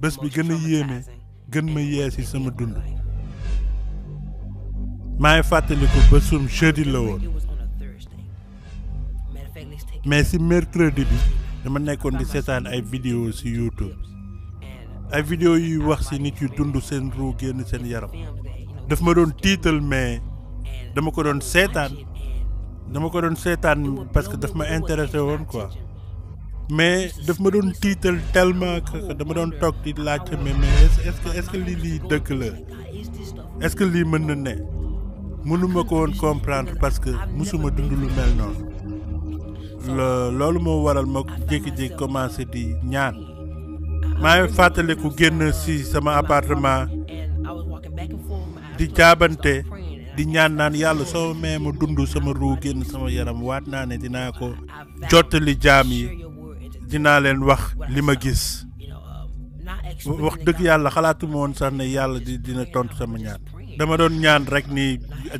bés bi gën a yéeme gën ma yee si sama dund maa ngi fàttaliku bésum jeudi la woon mais si mercredi bi dama nekkoon di seetaan ay vidéo si YouTube ay vidéo yuy wax si nit yu dund seen ruu génn seen yaram daf ma doon tiital mais dama ko doon seetaan dama ko doon seetaan parce que daf ma intéressé woon quoi mais daf ma doon tiital tellement que dama doon toog di laajte mais mais est ce que est ce que lii lii la est ce que lii mën na ne mënuma ko woon comprendre parce que musuma dund lu mel noonu loolu moo waral ma jékki-jékki commencé di ñaan maa ngi fàttaliku génn si sama appartement di jaabante di ñaan naan yàlla soo mee ma dund sama ruu génn sama yaram waat naa ne dinaa ko jottali jaam yi. dinaa leen wax li ma gis um, wax dëgg yàlla xalaatuma woon sax ne yàlla di dina tontu sama ñaan dama doon ñaan rek ni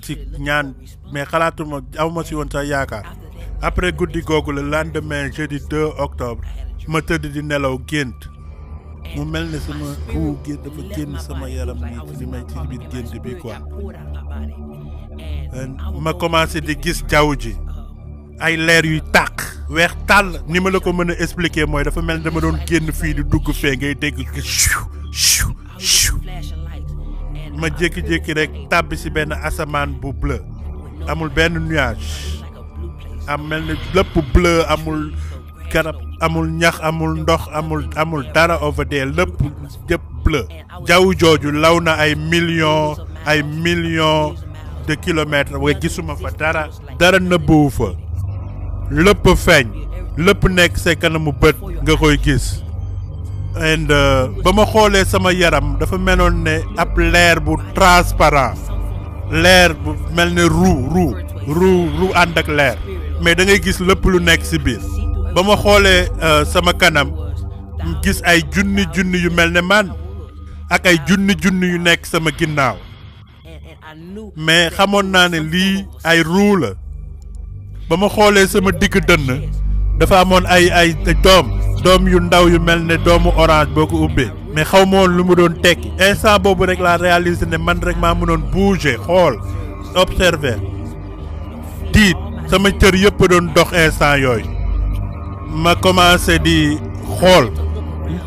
ci ñaan mais xalaatuma awma si woon sax yaakaar après guddi googu le lendemain jeudi 2 octobre ma tëdd di nelaw gént mu mel ne sama ku gé dafa génn sama yaram ni ci li may ci biir gént bi quoi ma commencé di gis jaww ji um, ay leer yuy tàq weex tàll ni ma la ko mën a expliquer mooy dafa mel ni dama doon génn fii di dugg fee ngay dégg ma jékki-jékki rek tàbbi si benn asamaan bu bleu amul benn nuage am mel ni lépp bleu amul garab amul ñax amul ndox amul amul dara over there lépp jëpp bleu jaww jooju law na ay millions ay millions de kilomètres waaye gisuma fa dara dara nëbbuwu fa lépp feeñ lépp nekk sa kanamu bët nga koy gis and uh, ba ma xoolee sama yaram dafa meloon ne ab leer bu transparent leer bu mel ne ru ru ru roue ànd ak leer mais dangay gis lépp lu nekk si biir ba ma xoolee uh, sama kanam gis ay junni junni yu mel ne man ak ay junni junni yu nekk sama ginnaaw mais xamoon naa ne lii ay roue la ba ma xoolee sama digg dënn dafa amoon ay ay doom doom yu ndaw yu mel ne doomu orange boo ko ubbee mais xaw ma lu mu doon tekki instant boobu rek laa réaliser ne man rek maa mënoon bouger xool observer tiit sama cër yëpp doon dox instant yooyu ma commencé di xool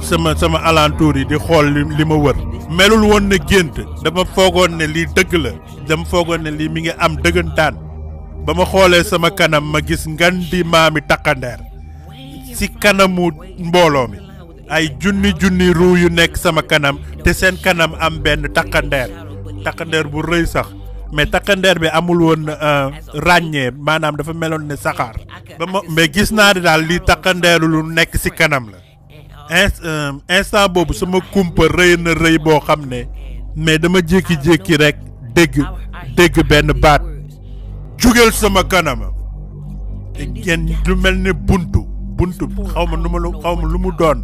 sama sama alentour yi di xool li ma wër melul woon ne gént dama foogoon ne lii dëgg la dama foogoon ne lii mi ngi am dëggantaan ba ma xoolee sama kanam ma gis ngan ngandi maami takkandeer si kanamu mbooloo mi ay junni junni ruu yu nekk sama kanam te seen kanam am benn takkandeer takkandeer bu rëy sax mais takkandeer bi amul woon euh, ràññee maanaam dafa meloon ne saxaar ba ma mais gis naa ne daal li takkandeeru lu nekk ci kanam la euh, instant boobu sama kumpa rëy na rëy boo xam ne mais dama jékki-jékki rekk dégg dégg benn baat jugeel sama kanama te lu mel ni bunt bunt buntu xaw ma nu ma xaw ma lu mu doon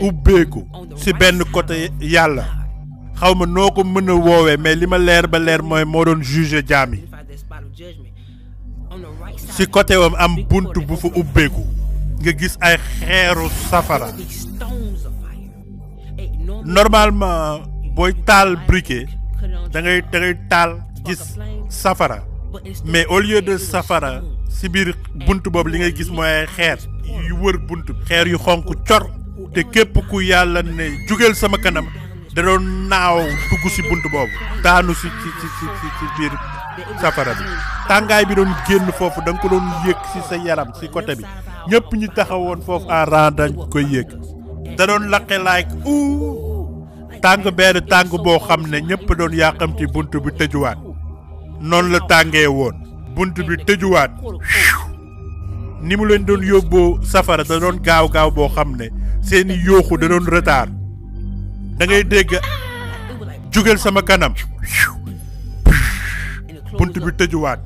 ubbeeku si benn côté yàlla xaw ma noo ko mën a woowee mais li ma leer ba leer mooy moo doon juge jaam yi si côté wam am bunt bu fa ubbeeku nga gis ay xeeru safara normalement booy taal briquet da ngay da ngay taal gis safara mais au lieu de safara sibir bir buntu bob li ngay gis moy xeer yu wër buntu xeer yu xonku cior te képp ku yalla ne jugel sama kanam da do naaw dugg ci buntu bob daanu ci ci ci ci bir safara bi tangay bi doon genn fofu dang ko doon yek si sa yaram si côté bi ñepp ñi taxawon koyek, daron ah, rang dañ da doon laqé like ou tang benn tang bo ne ñëpp doon yàqamti buntu bi tëjuwaat non la tangé won bunt bi wat ni mu len don yobbo safara da don gaaw gaaw bo xam ne yoxu da don retard da ngay dégg sama kanam bunt bi wat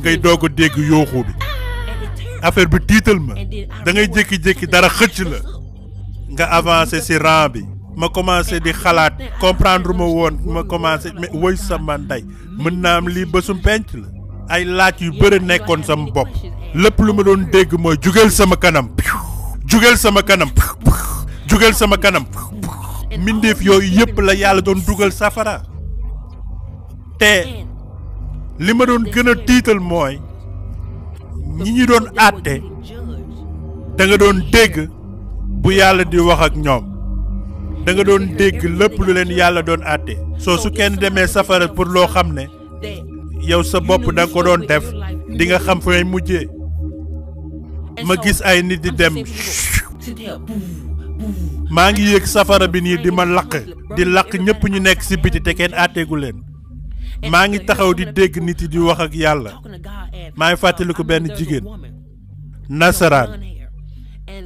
ngay doog a dégg bi affaire bi tiital ma da ngay jékki-jékki dara xëcc la nga avancer si rang bi ma commencé di xalaat comprendre ma woon ma commencé mais woy sama ndey mën naa am lii bésum penc la ay laaj yu bëri nekkoon sama bopp lépp lu ma doon dégg mooy jugeel sama kanam jugeel sama kanam jugeel sama kanam mbindeef yooyu yëpp la yàlla doon dugal safara te li ma doon gën a tiital mooy ñi ñi doon àtte danga doon dégg bu yàlla di wax ak ñoom da nga doon dégg lépp lu leen yàlla doon àtte soo su kenn demee safara pour loo xam ne yow sa bopp da nga ko doon def di nga xam fu ngay mujjee ma gis ay nit di dem maa ngi yëg safara bi nii di ma lakk di lakk ñëpp ñu nekk si biti te kenn àtteegu leen maa ngi taxaw di dégg nit di wax ak yàlla maa ngi fàttaliku benn jigéen nasaraan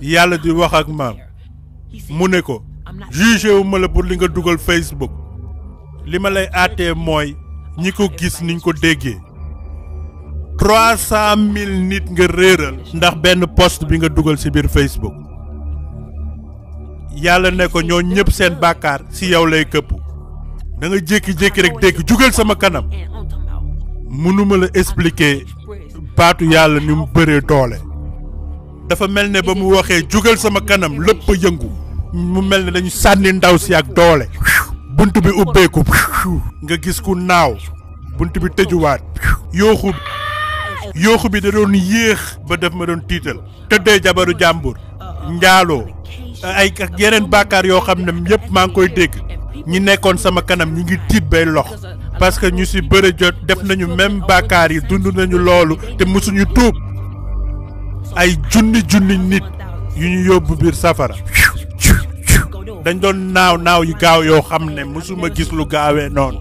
yàlla di wax ak maam mu ko jugé wu ma la pour li nga dugal Facebook li ma lay aatee mooy ñi ko gis niñ ko déggee trois cent mille nit nga réeral ndax benn post bi nga dugal ci biir Facebook yàlla ne ko ñoo ñëpp seen baakaar ci yow lay këpp da jékki-jékki rek dégg jugal sama kanam mënuma la expliquer baatu yàlla ni mu bëree doole dafa mel ne ba mu waxee jugal sama kanam lépp a yëngu mu mel ne dañu sànni ndaw si ak doole bunt bi ubbeeku nga gis ku naaw bunt bi tëjuwaat yooxu yooxu bi da doon yéex ba def ma doon tiital tëddee jabaru jàmbur njaaloo ay ak yeneen bàkkaar yoo xam ne yëpp maa ngi koy dégg ñi nekkoon sama kanam ñi ngi tiit bay lox parce que ñu si bëri jot def nañu même bàkkaar yi dund nañu loolu te mosuñu tuub ay junni junni nit yu ñu yóbbu biir safara dañ doon naaw naaw yu gaaw yoo xam ne mosuma gis lu gaawee noonu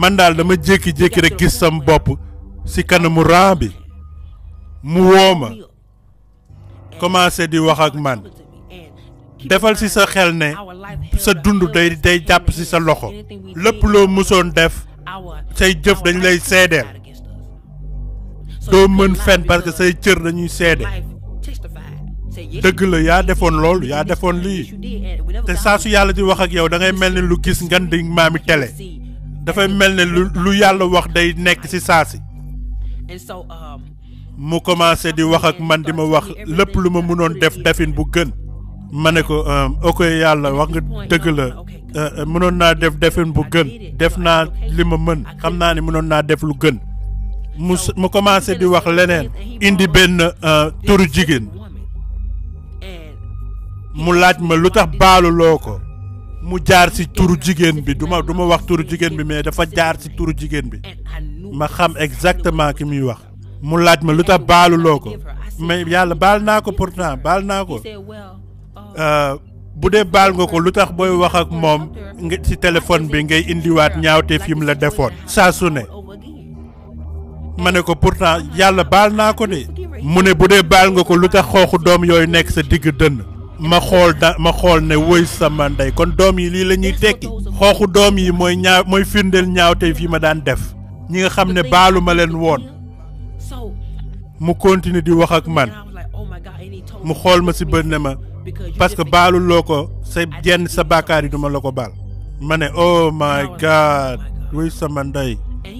man daal dama jékki-jékki rek gis sam bopp ci kanamu ran bi mu wooma ma commencé di wax ak man defal ci sa xel ne sa dund day day jàpp ci sa loxo lépp loo musoon def say jëf dañ lay seedeel doo mën fen parce que say cër dañuy seede dëgg la yaa defoon loolu yaa defoon lii te saa su yàlla di wax ak yow dangay mel ni lu gis ngan di maami tele dafay mel ne lu lu yàlla wax day nekk ci saa si mu commencé di wax ak man di ma wax lépp lu ma mënoon def defin bu gën ma ne ko euh, ok yàlla wax nga dëgg la euh, euh, mënoon naa def defin bu gën def naa li ma mën xam naa ne mënoon naa def lu gën mu mu commencé di wax leneen indi benn turu jigéen mu laaj ma lu tax baaluloo ko mu jaar si turu jigéen bi duma ma du ma wax turu jigéen bi mais dafa jaar ci turu jigéen bi ma xam exactement ki muy wax mu laaj ma lu tax baaluloo ko mais yàlla baal naa ko pour pourtant baal naa ko euh, bu dee baal nga ko lu tax booy wax ak moom nga ci téléphone bi ngay indiwaat ñaawteef yi mu la defoon saa su ne ma ne ko pour pourtant yàlla baal naa ko de mu ne bu dee baal nga ko lu tax xooxu doom yooyu nekk sa digg dënn ma xool da ma xool ne woy sama ndey kon doom yi lii la ñuy tekki xooxu doom yi mooy ñaaw mooy firndeel ñaaw tey fii ma daan def ñi nga xam ne baalu ma leen woon mu continuer di wax ak man mu xool ma si bët ne ma parce que baalu loo ko sa jenn sa baakaar yi duma la ko baal ma ne o oh my god woy sama ndey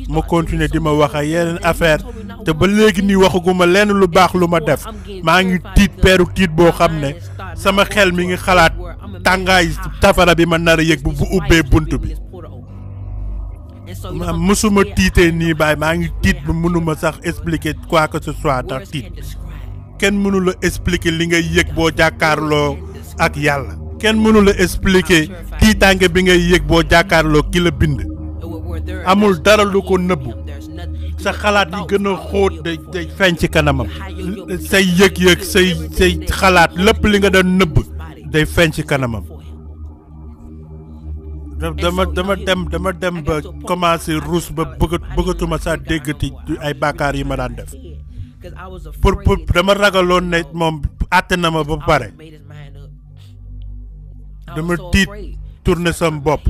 mu continuer di ma wax ak yeneen affaire te ba léegi nii waxaguma leen lu baax lu ma def maa ngi tiit peeru tiit boo xam ne sama xel mi ngi xalaat tàngaay safara bi ma nar a yëg bu bu ubbee bunt bi ma mësuma tiitee nii baay maa ngi tiit ba mënuma sax expliquer quoi que ce soit ndax tiit kenn mënula expliquer li ngay yëg boo jàkkaarloo ak yàlla kenn mënula expliquer tiitaange bi ngay yëg boo jàkkaarloo ki la bind amul dara lu ko nëbbu sa xalaat yi gën a xóot day feeñ ci kanamam say yëg-yëg say say xalaat lépp li nga doon nëbb day feeñ ci kanamam dama dama dem dama dem ba commencé ruus ba bëgg bëggatuma saa déggati ay baakaar yi ma daan def pour pour dama ragaloon ne moom àtte na ma ba pare dama tiit tourner bopp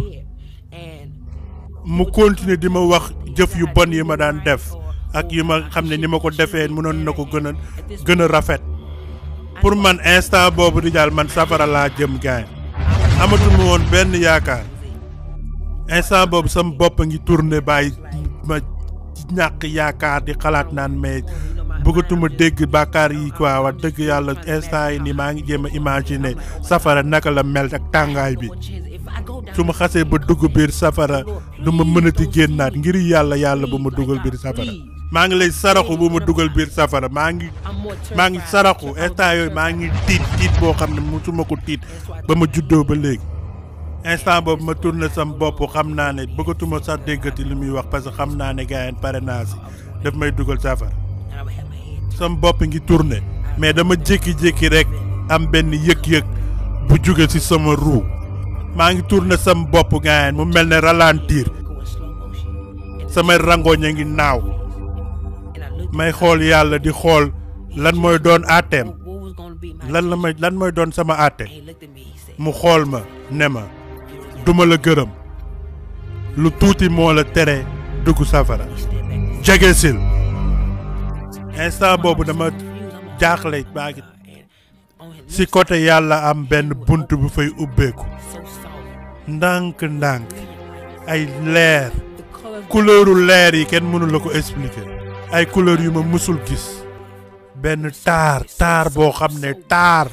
mu continuer di ma wax jëf yu bon yi ma daan def ak yi ma xam ne ni ma ko defee mënoon na ko gën a gën a rafet pour man instant boobu di daal man safara laa jëm gaay amatuma woon benn yaakaar instant boobu sama bopp ngi tourné bàyyi ma ñàkk yaakaar di xalaat naan mais bëggatuma dégg bàkkaar yi quoi wax dëgg yàlla instant yi nii maa ngi jéem a imaginer safara naka la mel ak tàngaay bi su ma xasee ba dugg biir safara du ma mënati génnaat ngir yàlla yàlla bu ma dugal biir safara maa ngi lay saraxu bu ma dugal biir safara maa ngi maa ngi saraxu instant yooyu maa ngi tiit tiit boo xam ne musuma ko tiit ba ma juddoo ba léegi instant boobu ma tourné sam bopp xam naa ne bëggatuma sax déggati li muy wax parce que xam naa ne gars yi pare naa si daf may dugal safara sam bopp ngi turne mais dama jékki-jékki rek am benn yëg-yëg bu jóge ci sama ruu maa ngi tourné sam bopp ngaayen mu mel ne ralentir samay rangooñ a ngi naaw may xool yàlla di xool lan mooy doon atem lan la may lan mooy doon sama àtte mu xool ma ne ma duma la gërëm lu tuuti moo la tere dugg safara jege sil instant boobu dama jaaxle baa ngi si côté yàlla am benn bunt bu fay ubbeeku ndànk-ndànk ay leer couleuru leer yi kenn mënula ko expliquer ay couleur yu ma mësul gis benn taar taar boo xam ne taar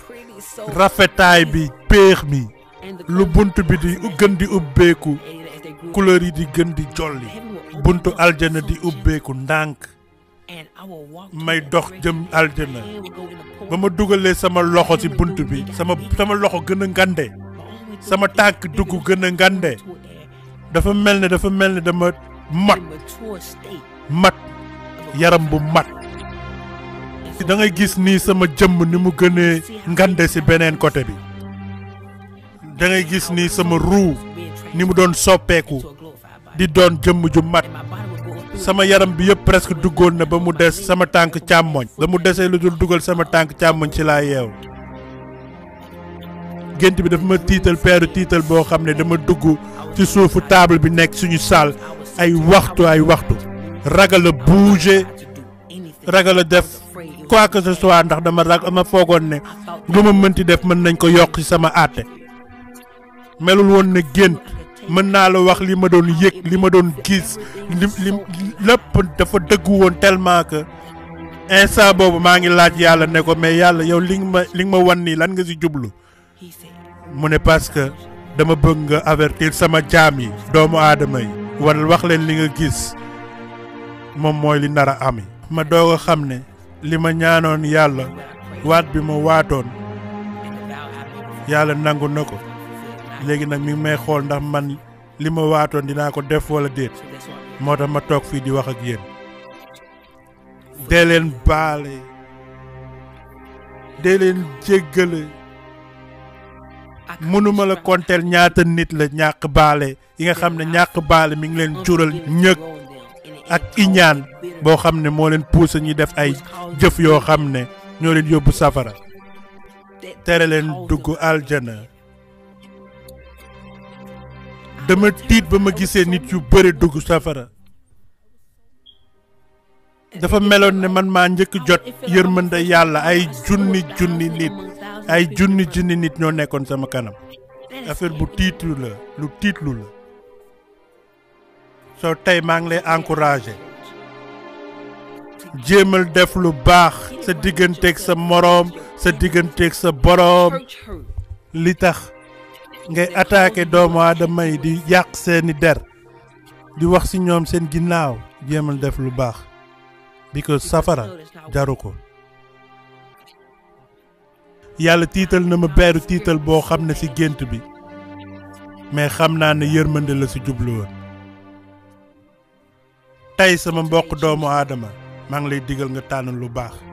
rafetaay bi péex mi lu bunt bi di gën di ubbeeku couleur yi di gën di jolli buntu aljana di ubbeeku ndànk may dox jëm aljana ba ma dugalee sama loxo ci bunt bi sama sama loxo gën a ngande sama tànk dugg gën ngande dafa mel ne dafa mel ne dama mat mat yaram bu mat dangay gis nii sama jëmm ni mu gënee ngande si beneen côté bi da ngay gis nii sama ruu ni mu doon soppeeku di doon jëmm ju mat sama yaram bi yëpp presque duggoon na ba mu des sama tànk càmmoñ ba mu desee lu dul dugal sama tànk càmmoñ ci laa yeew gént bi dafa ma tiital peeru tiital boo xam ne dama dugg ci suufu table bi nekk suñu saal ay waxtu ay waxtu ragal a bouger ragal def quoi que ce soit ndax dama rag ma foogoon ne lu ma mënti def mën nañ ko yokk ci sama àtte melul woon ne gént mën naa la wax li ma doon yëg li ma doon gis li li lépp dafa dëggu woon tellement que instant boobu maa ngi laaj yàlla ne ko mais yàlla yow li ma li ma wan nii lan nga si jublu mu ne parce que dama bëgg nga avertir sama jaam yi doomu aadama yi wala wax leen li nga gis moom mooy li nar a ami ma doo xam ne li ma ñaanoon yàlla waat bi ma waatoon yàlla nangu na ko léegi nag mi ngi may xool ndax man li ma waatoon dinaa ko def walla déet moo tax ma toog fii di wax ak yéen dee leen baale dee leen jéggale mënuma la konteel ñaata nit la ñàkk baale yi nga xam ne ñàkk baale mi ngi leen jural ñëg ak iñaan boo xam ne moo leen poussé ñuy def ay jëf yoo xam ne ñoo leen yóbbu safara tere leen dugg aljana dama tiit ba ma gisee nit yu bare dugg safara dafa meloon ne man maa njëkk jot yërmande yàlla ay junni junni nit ay junni junni nit ñoo nekkoon sama kanam affaire bu titre la lu titre la so tey maa ngi lay encouragé jéemal def lu baax sa digganteeg sa moroom sa digganteeg sa boroom li tax ngay attaqué doomu aadama yi di yàq seeni der di wax ci ñoom seen ginnaaw jéemal def lu baax because safara jaru ko yàlla tiital na ma beeru tiital boo xam ne ci gént bi mais xam naa ne yërmande la si jublu tey sama mbokk doomu aadama maa ngi lay digal nga tànn lu baax